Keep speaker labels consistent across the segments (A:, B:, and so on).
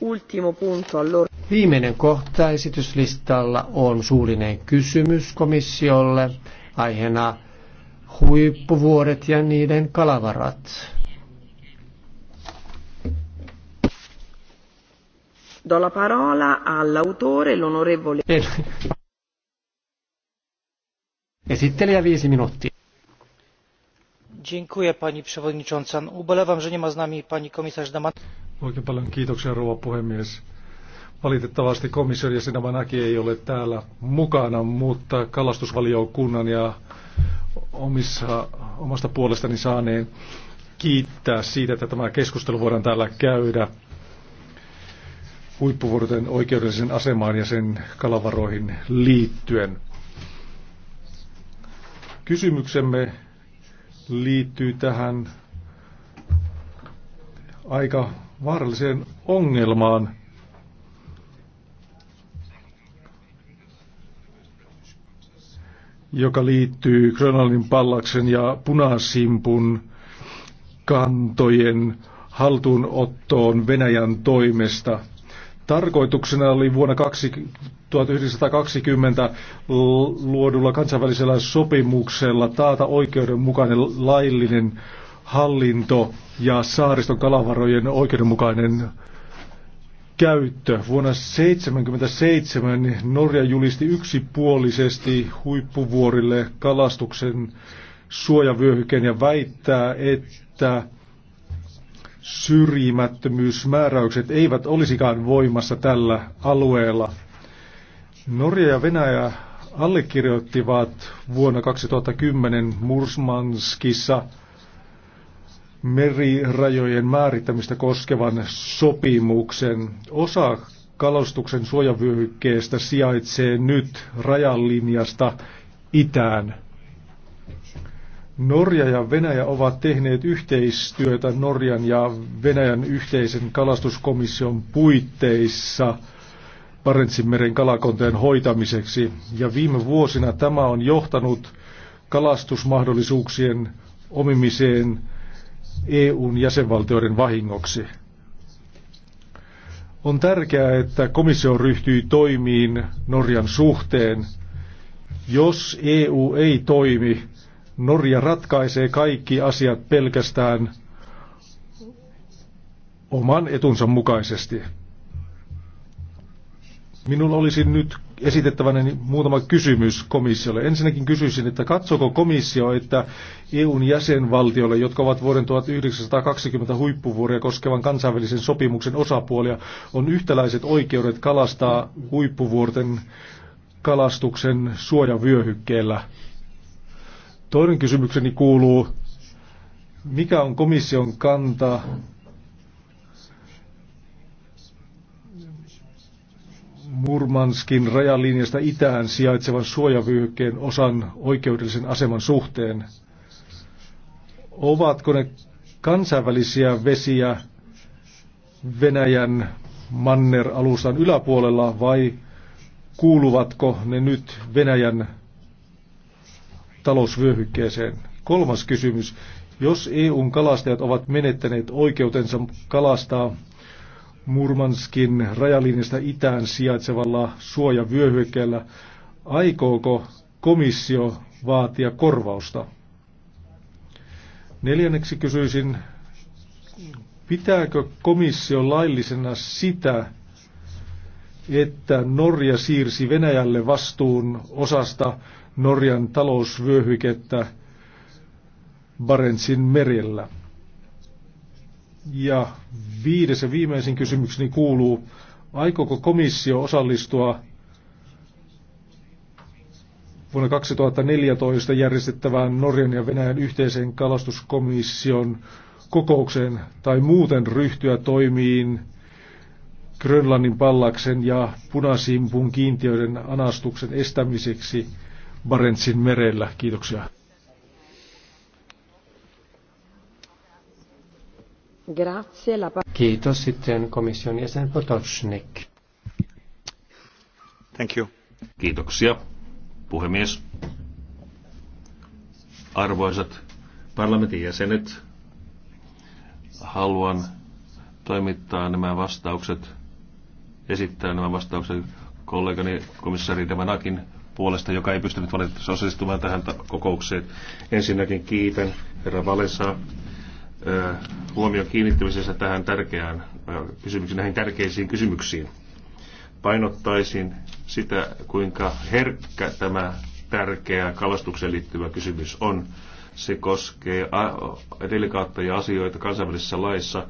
A: ultimo punto allora. Viimeinen kohta esityslistalla on suullinen kysymys komissiolle aiheena huippuvuoret ja niiden kalavarat. Do la parola all'autore, l'onorevole. Esittelijä viisi minuuttia. Dziękuję pani przewodnicząca. Ubolewam, że nie ma z nami pani komisarz Damat. Oikein paljon
B: kiitoksia, rouva puhemies. Valitettavasti komissori sinä Amanaki ei ole täällä mukana, mutta kalastusvaliokunnan ja omissa, omasta puolestani saaneen kiittää siitä, että tämä keskustelu voidaan täällä käydä huippuvuoroten oikeudellisen asemaan ja sen kalavaroihin liittyen. Kysymyksemme liittyy tähän aika vaaralliseen ongelmaan. joka liittyy Grönalin pallaksen ja punasimpun kantojen haltuunottoon Venäjän toimesta. Tarkoituksena oli vuonna 1920 luodulla kansainvälisellä sopimuksella taata oikeudenmukainen laillinen hallinto ja saariston kalavarojen oikeudenmukainen käyttö. Vuonna 1977 Norja julisti yksipuolisesti huippuvuorille kalastuksen suojavyöhykkeen ja väittää, että syrjimättömyysmääräykset eivät olisikaan voimassa tällä alueella. Norja ja Venäjä allekirjoittivat vuonna 2010 Mursmanskissa merirajojen määrittämistä koskevan sopimuksen. Osa kalastuksen suojavyöhykkeestä sijaitsee nyt rajalinjasta itään. Norja ja Venäjä ovat tehneet yhteistyötä Norjan ja Venäjän yhteisen kalastuskomission puitteissa meren kalakonteen hoitamiseksi. Ja viime vuosina tämä on johtanut kalastusmahdollisuuksien omimiseen EUn jäsenvaltioiden vahingoksi. On tärkeää, että komissio ryhtyy toimiin Norjan suhteen. Jos EU ei toimi, Norja ratkaisee kaikki asiat pelkästään oman etunsa mukaisesti. Minulla olisi nyt esitettäväni niin muutama kysymys komissiolle. Ensinnäkin kysyisin, että katsoko komissio, että EUn jäsenvaltioille, jotka ovat vuoden 1920 huippuvuoria koskevan kansainvälisen sopimuksen osapuolia, on yhtäläiset oikeudet kalastaa huippuvuorten kalastuksen suojavyöhykkeellä. Toinen kysymykseni kuuluu, mikä on komission kanta Murmanskin rajalinjasta itään sijaitsevan suojavyöhykkeen osan oikeudellisen aseman suhteen. Ovatko ne kansainvälisiä vesiä Venäjän manner-alustan yläpuolella vai kuuluvatko ne nyt Venäjän talousvyöhykkeeseen? Kolmas kysymys. Jos EUn kalastajat ovat menettäneet oikeutensa kalastaa Murmanskin rajalinjasta itään sijaitsevalla suojavyöhykkeellä. Aikooko komissio vaatia korvausta? Neljänneksi kysyisin, pitääkö komissio laillisena sitä, että Norja siirsi Venäjälle vastuun osasta Norjan talousvyöhykettä Barentsin merillä? Ja viides ja viimeisin kysymykseni kuuluu, aikooko komissio osallistua vuonna 2014 järjestettävään Norjan ja Venäjän yhteiseen kalastuskomission kokoukseen tai muuten ryhtyä toimiin Grönlannin pallaksen ja punasimpun kiintiöiden anastuksen estämiseksi Barentsin merellä. Kiitoksia.
A: Grazie. La... Kiitos. Sitten komission jäsen Potocnik.
C: Thank you. Kiitoksia, puhemies. Arvoisat parlamentin jäsenet, haluan toimittaa nämä vastaukset, esittää nämä vastaukset kollegani komissari Demanakin puolesta, joka ei pystynyt valitettavasti osallistumaan tähän kokoukseen. Ensinnäkin kiitän herra Valesaa huomion kiinnittämisessä tähän tärkeään kysymykseen, näihin tärkeisiin kysymyksiin. Painottaisin sitä, kuinka herkkä tämä tärkeä kalastukseen liittyvä kysymys on. Se koskee delikaatteja asioita kansainvälisessä laissa,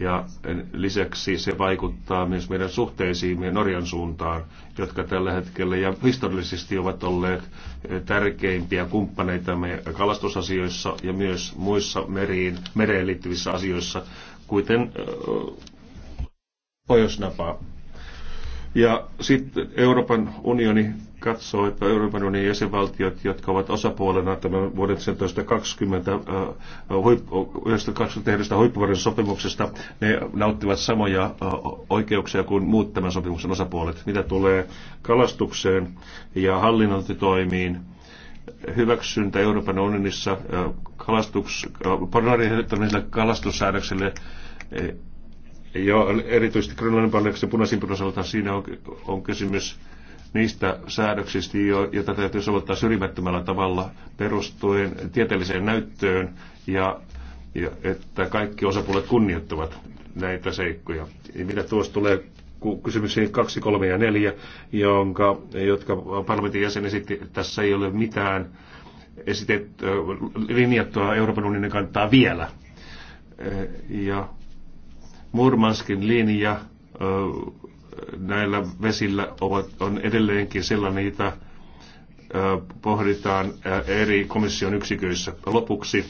C: ja lisäksi se vaikuttaa myös meidän suhteisiimme Norjan suuntaan, jotka tällä hetkellä ja historiallisesti ovat olleet eh, tärkeimpiä kumppaneitamme kalastusasioissa ja myös muissa meriin, mereen liittyvissä asioissa, kuten eh, pohjoisnapaa. Ja sitten Euroopan unioni katsoo, että Euroopan unionin jäsenvaltiot, jotka ovat osapuolena tämän vuoden 1920 äh, tehdystä huippuvuoden sopimuksesta, ne nauttivat samoja oikeuksia kuin muut tämän sopimuksen osapuolet. Mitä tulee kalastukseen ja hallinnointitoimiin, hyväksyntä Euroopan unionissa äh, kalastus, kalastussäädökselle Joo, erityisesti Grönlannin paljoksen punaisimpiin osalta siinä on, on kysymys niistä säädöksistä, joita täytyy soveltaa syrjimättömällä tavalla perustuen tieteelliseen näyttöön ja, ja että kaikki osapuolet kunnioittavat näitä seikkoja. Ja mitä tuossa tulee kysymyksiin 2, 3 ja 4, jonka, jotka parlamentin jäsen esitti, että tässä ei ole mitään esitet, linjattua Euroopan unionin kantaa vielä. Ja Murmanskin linja näillä vesillä ovat, on edelleenkin sellainen, jota pohditaan eri komission yksiköissä. Lopuksi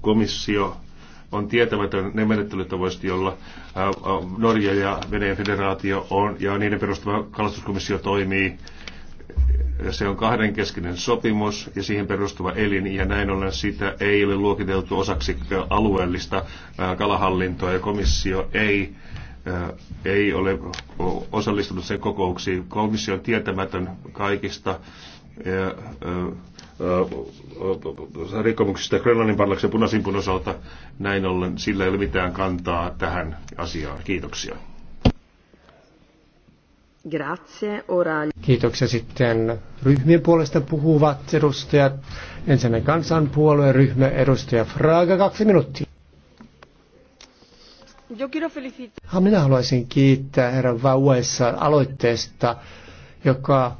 C: komissio on tietämätön ne menettelytavoista, joilla Norja ja Venäjän federaatio on, ja niiden perustuva kalastuskomissio toimii se on kahdenkeskinen sopimus ja siihen perustuva elin, ja näin ollen sitä ei ole luokiteltu osaksi alueellista kalahallintoa, ja komissio ei ei ole osallistunut sen kokouksiin. Komissio on tietämätön kaikista rikkomuksista Grönlannin parlaksen punaisimpun osalta. Näin ollen sillä ei ole mitään kantaa tähän asiaan. Kiitoksia.
A: Grazie, orali. Kiitoksia sitten ryhmien puolesta puhuvat edustajat. Ensimmäinen kansanpuolueen ryhmä edustaja Fraga, kaksi minuuttia. Ha, minä haluaisin kiittää herra Vauessa aloitteesta, joka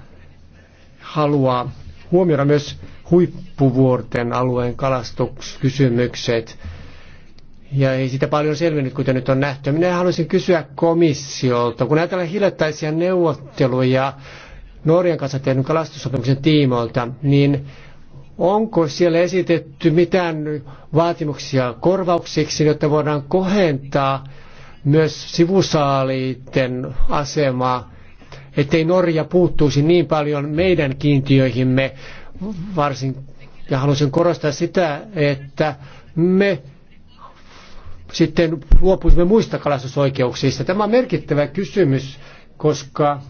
A: haluaa huomioida myös huippuvuorten alueen kalastuskysymykset ja ei sitä paljon selvinnyt, kuten nyt on nähty. Minä haluaisin kysyä komissiolta, kun ajatellaan hiljattaisia neuvotteluja Norjan kanssa tehdyn kalastussopimuksen tiimoilta, niin onko siellä esitetty mitään vaatimuksia korvauksiksi, jotta voidaan kohentaa myös sivusaaliiden asemaa, ettei Norja puuttuisi niin paljon meidän kiintiöihimme varsin. Ja haluaisin korostaa sitä, että me sitten luopuisimme muista kalastusoikeuksista. Tämä on merkittävä kysymys, koska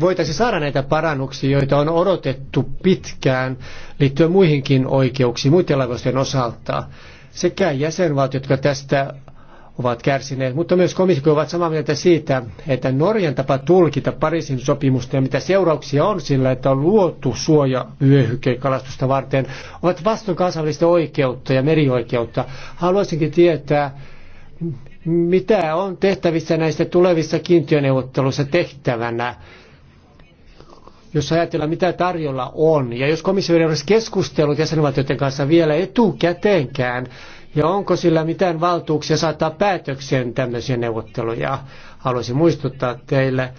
A: voitaisiin saada näitä parannuksia, joita on odotettu pitkään liittyen muihinkin oikeuksiin muiden laivosten osalta. Sekä jäsenvaltiot, jotka tästä ovat kärsineet, mutta myös komissio ovat samaa mieltä siitä, että Norjan tapa tulkita Pariisin sopimusta ja mitä seurauksia on sillä, että on luotu suojavyöhyke kalastusta varten, ovat vastoin kansainvälistä oikeutta ja merioikeutta. Haluaisinkin tietää, mitä on tehtävissä näistä tulevissa kiintiöneuvotteluissa tehtävänä, jos ajatellaan mitä tarjolla on, ja jos komissio ei ole keskustellut jäsenvaltioiden kanssa vielä etukäteenkään, ja onko sillä mitään valtuuksia saattaa päätökseen tämmöisiä neuvotteluja. Haluaisin muistuttaa teille,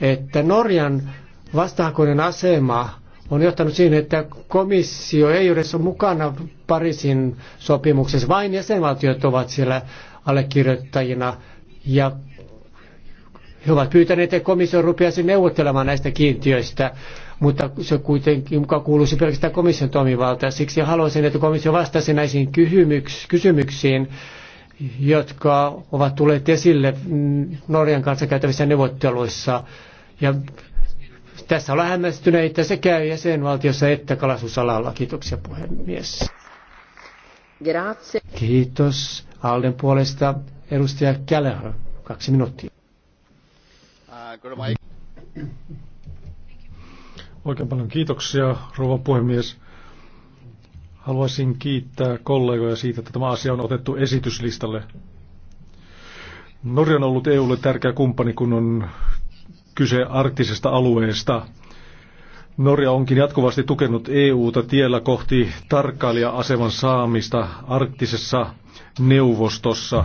A: että Norjan vastahakoinen asema on johtanut siihen, että komissio ei ole mukana Pariisin sopimuksessa. Vain jäsenvaltiot ovat siellä allekirjoittajina ja he ovat pyytäneet, että komissio rupeaisi neuvottelemaan näistä kiintiöistä mutta se kuitenkin mukaan kuuluisi pelkästään komission toimivaltaan. Siksi haluaisin, että komissio vastaisi näihin kysymyksiin, jotka ovat tulleet esille mm, Norjan kanssa käytävissä neuvotteluissa. Ja tässä ollaan hämmästyneitä sekä jäsenvaltiossa että kalastusalalla. Kiitoksia puhemies. Grazie. Kiitos. Alden puolesta edustaja Gallagher, kaksi minuuttia. Uh,
B: Oikein paljon kiitoksia, rouva puhemies. Haluaisin kiittää kollegoja siitä, että tämä asia on otettu esityslistalle. Norja on ollut EUlle tärkeä kumppani, kun on kyse arktisesta alueesta. Norja onkin jatkuvasti tukenut EUta tiellä kohti tarkkailija-aseman saamista arktisessa neuvostossa.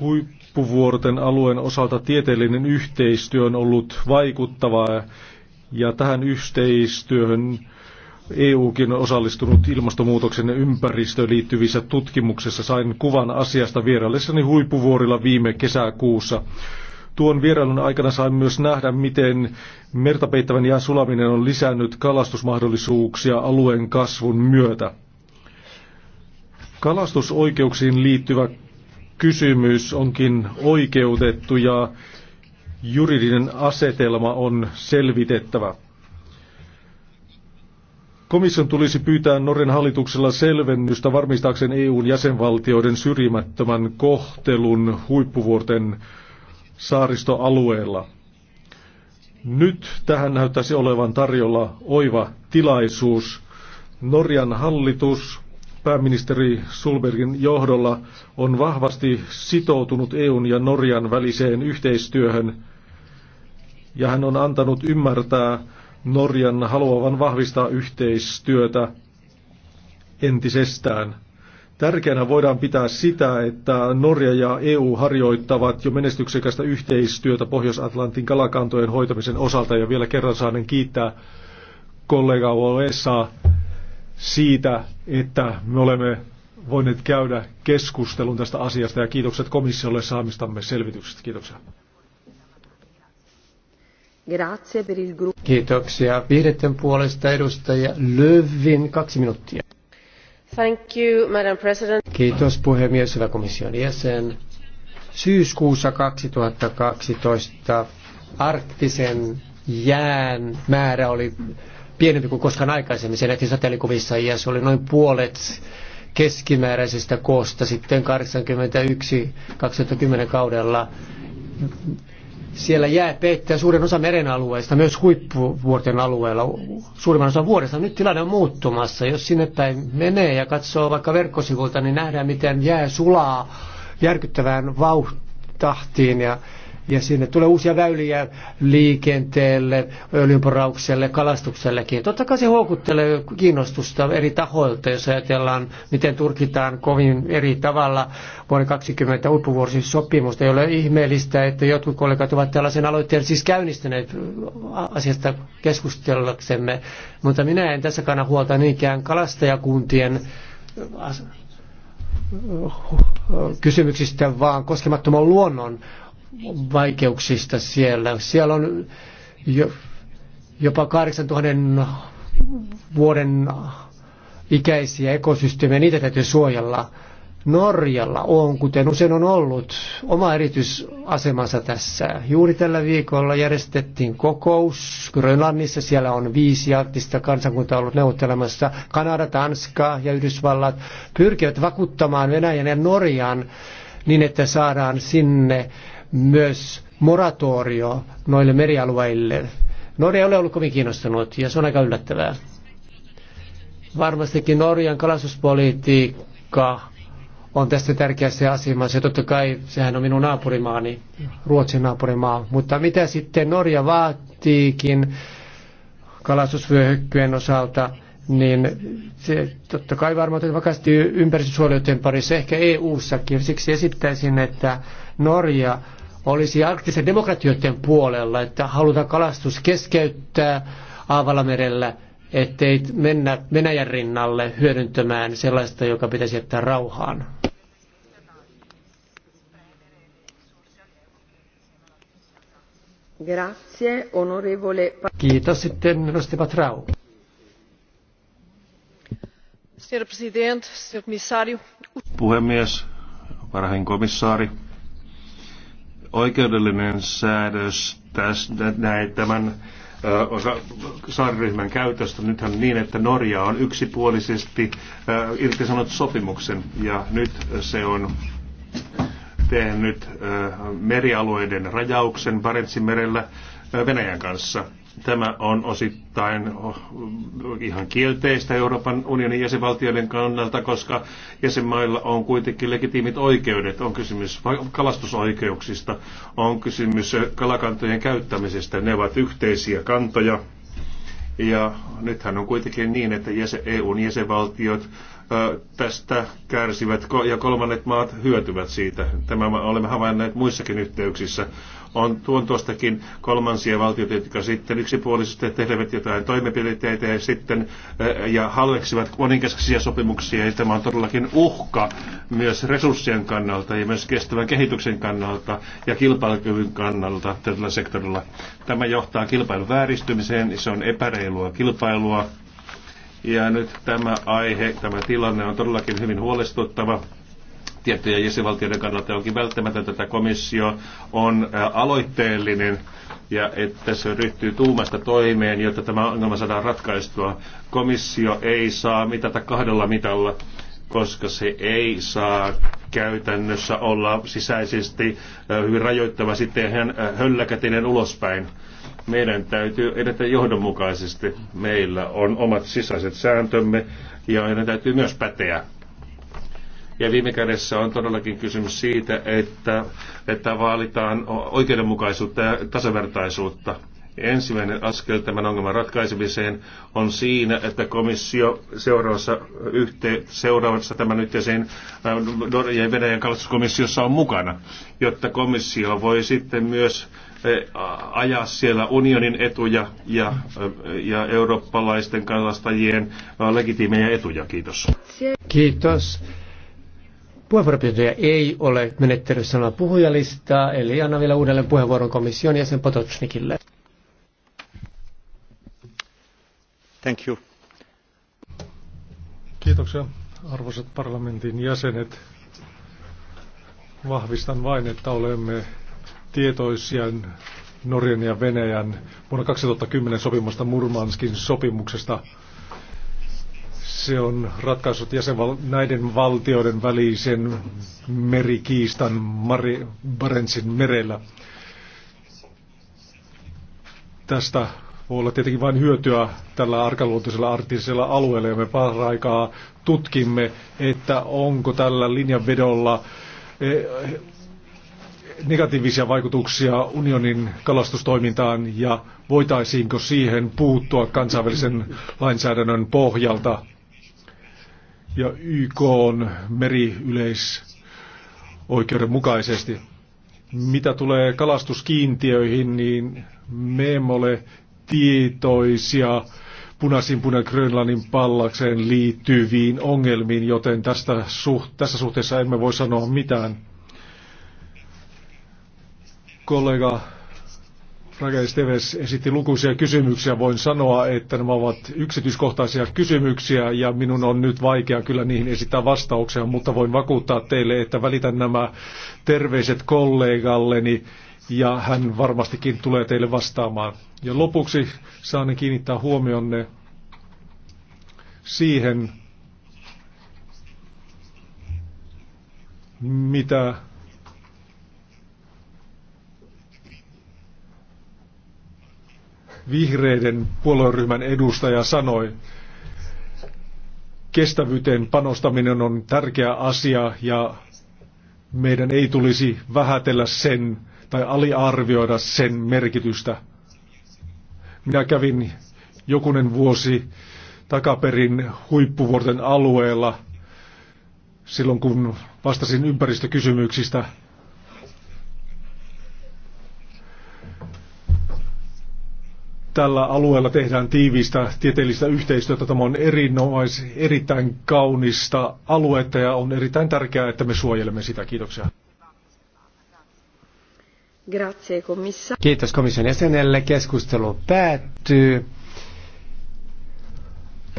B: Hui, Lespuvuorten alueen osalta tieteellinen yhteistyö on ollut vaikuttavaa ja tähän yhteistyöhön EUkin on osallistunut ilmastonmuutoksen ja ympäristöön liittyvissä tutkimuksissa. Sain kuvan asiasta vieraillessani huippuvuorilla viime kesäkuussa. Tuon vierailun aikana sain myös nähdä, miten mertapeittävän jään sulaminen on lisännyt kalastusmahdollisuuksia alueen kasvun myötä. Kalastusoikeuksiin liittyvä kysymys onkin oikeutettu ja juridinen asetelma on selvitettävä. Komission tulisi pyytää Norjan hallituksella selvennystä varmistaakseen EUn jäsenvaltioiden syrjimättömän kohtelun huippuvuorten saaristoalueella. Nyt tähän näyttäisi olevan tarjolla oiva tilaisuus. Norjan hallitus pääministeri Sulbergin johdolla on vahvasti sitoutunut EUn ja Norjan väliseen yhteistyöhön ja hän on antanut ymmärtää Norjan haluavan vahvistaa yhteistyötä entisestään. Tärkeänä voidaan pitää sitä, että Norja ja EU harjoittavat jo menestyksekästä yhteistyötä Pohjois-Atlantin kalakantojen hoitamisen osalta. Ja vielä kerran saanen kiittää kollega Oessaa siitä, että me olemme voineet käydä keskustelun tästä asiasta ja kiitokset komissiolle saamistamme selvityksestä. Kiitoksia.
A: Kiitoksia. Vihreiden puolesta edustaja Lövin, kaksi minuuttia. Thank you, Madam President. Kiitos puhemies, hyvä komission jäsen. Syyskuussa 2012 arktisen jään määrä oli pienempi kuin koskaan aikaisemmin. Se nähtiin satelliikuvissa ja se oli noin puolet keskimääräisestä koosta sitten 81-2010 kaudella. Siellä jää peittää suurin osa meren alueista, myös huippuvuorten alueella, suurimman osan vuodesta. Nyt tilanne on muuttumassa. Jos sinne päin menee ja katsoo vaikka verkkosivuilta, niin nähdään, miten jää sulaa järkyttävään vauhtahtiin. Ja ja sinne tulee uusia väyliä liikenteelle, öljynporaukselle, kalastuksellekin. Totta kai se houkuttelee kiinnostusta eri tahoilta, jos ajatellaan, miten turkitaan kovin eri tavalla vuoden 2020 sopimusta. Ei ole ihmeellistä, että jotkut kollegat ovat tällaisen aloitteen siis käynnistäneet asiasta keskustellaksemme, mutta minä en tässä kanna huolta niinkään kalastajakuntien äh, äh, äh, kysymyksistä, vaan koskemattoman luonnon vaikeuksista siellä. Siellä on jo, jopa 8000 vuoden ikäisiä ekosysteemejä, niitä täytyy suojella. Norjalla on, kuten usein on ollut, oma erityisasemansa tässä. Juuri tällä viikolla järjestettiin kokous Grönlannissa. Siellä on viisi arktista kansakuntaa ollut neuvottelemassa. Kanada, Tanska ja Yhdysvallat pyrkivät vakuuttamaan Venäjän ja Norjan niin, että saadaan sinne myös moratorio noille merialueille. Norja ei ole ollut kovin kiinnostunut ja se on aika yllättävää. Varmastikin Norjan kalastuspolitiikka on tästä tärkeässä asemassa. Ja totta kai sehän on minun naapurimaani, Ruotsin naapurimaa. Mutta mitä sitten Norja vaatiikin kalastusvyöhykkyjen osalta, niin se totta kai varmaan otetaan vakaasti ympäristösuojelujen parissa, ehkä EU-sakin. Siksi esittäisin, että Norja olisi arktisen demokratioiden puolella, että halutaan kalastus keskeyttää Aavalamerellä, ettei mennä Venäjän rinnalle hyödyntämään sellaista, joka pitäisi jättää rauhaan. Grazie, onorevole... Kiitos sitten edustaja Patrau. Puhemies,
C: varhain komissaari, Oikeudellinen säädös tästä, näin, tämän osa saariryhmän käytöstä. Nythän niin, että Norja on yksipuolisesti irtisanonut sopimuksen ja nyt se on tehnyt merialueiden rajauksen Barentsin merellä Venäjän kanssa. Tämä on osittain ihan kielteistä Euroopan unionin jäsenvaltioiden kannalta, koska jäsenmailla on kuitenkin legitiimit oikeudet. On kysymys kalastusoikeuksista, on kysymys kalakantojen käyttämisestä. Ne ovat yhteisiä kantoja. Ja nythän on kuitenkin niin, että jäsen, EUn jäsenvaltiot tästä kärsivät ja kolmannet maat hyötyvät siitä. Tämä olemme havainneet muissakin yhteyksissä. On tuon tuostakin kolmansia valtioita, jotka sitten yksipuolisesti tekevät jotain toimenpiteitä ja sitten ja halveksivat moninkeskisiä sopimuksia. Ja tämä on todellakin uhka myös resurssien kannalta ja myös kestävän kehityksen kannalta ja kilpailukyvyn kannalta tällä sektorilla. Tämä johtaa kilpailun vääristymiseen, se on epäreilua kilpailua ja nyt tämä aihe, tämä tilanne on todellakin hyvin huolestuttava tiettyjen jäsenvaltioiden kannalta onkin välttämätöntä, että komissio on aloitteellinen ja että se ryhtyy tuumasta toimeen, jotta tämä ongelma saadaan ratkaistua. Komissio ei saa mitata kahdella mitalla, koska se ei saa käytännössä olla sisäisesti hyvin rajoittava sitten ihan hölläkätinen ulospäin. Meidän täytyy edetä johdonmukaisesti. Meillä on omat sisäiset sääntömme ja aina täytyy myös päteä. Ja viime kädessä on todellakin kysymys siitä, että, että vaalitaan oikeudenmukaisuutta ja tasavertaisuutta. Ensimmäinen askel tämän ongelman ratkaisemiseen on siinä, että komissio seuraavassa, yhte, seuraavassa tämän yhteiseen äh, Norjan ja Venäjän kalastuskomissiossa on mukana, jotta komissio voi sitten myös ajaa siellä unionin etuja ja, ja eurooppalaisten kalastajien legitiimejä etuja. Kiitos.
A: Kiitos. Puheenvuoropyyntöjä ei ole menettelyssä sanoa puhujalistaa, eli anna vielä uudelleen puheenvuoron komission jäsen Potocnikille.
B: Thank you. Kiitoksia arvoisat parlamentin jäsenet. Vahvistan vain, että olemme tietoisia Norjan ja Venäjän vuonna 2010 sopimusta Murmanskin sopimuksesta. Se on ratkaissut jäsenval- näiden valtioiden välisen merikiistan Mari- Barentsin merellä. Tästä voi olla tietenkin vain hyötyä tällä arkaluontoisella arktisella alueella ja me paraikaa tutkimme, että onko tällä linjanvedolla eh, negatiivisia vaikutuksia unionin kalastustoimintaan ja voitaisiinko siihen puuttua kansainvälisen lainsäädännön pohjalta ja YK on meriyleisoikeuden mukaisesti. Mitä tulee kalastuskiintiöihin, niin me emme ole tietoisia punaisin punan Grönlannin pallakseen liittyviin ongelmiin, joten tästä, tässä suhteessa emme voi sanoa mitään. Kollega Rakeis Teves esitti lukuisia kysymyksiä. Voin sanoa, että nämä ovat yksityiskohtaisia kysymyksiä ja minun on nyt vaikea kyllä niihin esittää vastauksia, mutta voin vakuuttaa teille, että välitän nämä terveiset kollegalleni ja hän varmastikin tulee teille vastaamaan. Ja lopuksi saan kiinnittää huomionne siihen, mitä vihreiden puolueryhmän edustaja sanoi. Kestävyyteen panostaminen on tärkeä asia ja meidän ei tulisi vähätellä sen tai aliarvioida sen merkitystä. Minä kävin jokunen vuosi takaperin huippuvuorten alueella silloin, kun vastasin ympäristökysymyksistä – tällä alueella tehdään tiiviistä tieteellistä yhteistyötä. Tämä on erinomais, erittäin kaunista aluetta ja on erittäin tärkeää, että me suojelemme sitä. Kiitoksia.
A: Kiitos komission jäsenelle. Keskustelu päättyy.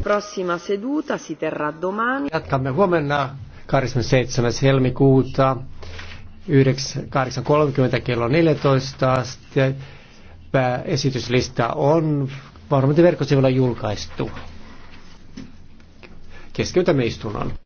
A: Prossima seduta si terrà domani. Jatkamme huomenna 27. helmikuuta 8.30 kello 14 asti pääesityslista on varmasti verkkosivulla julkaistu. Keskeytämme istunnon.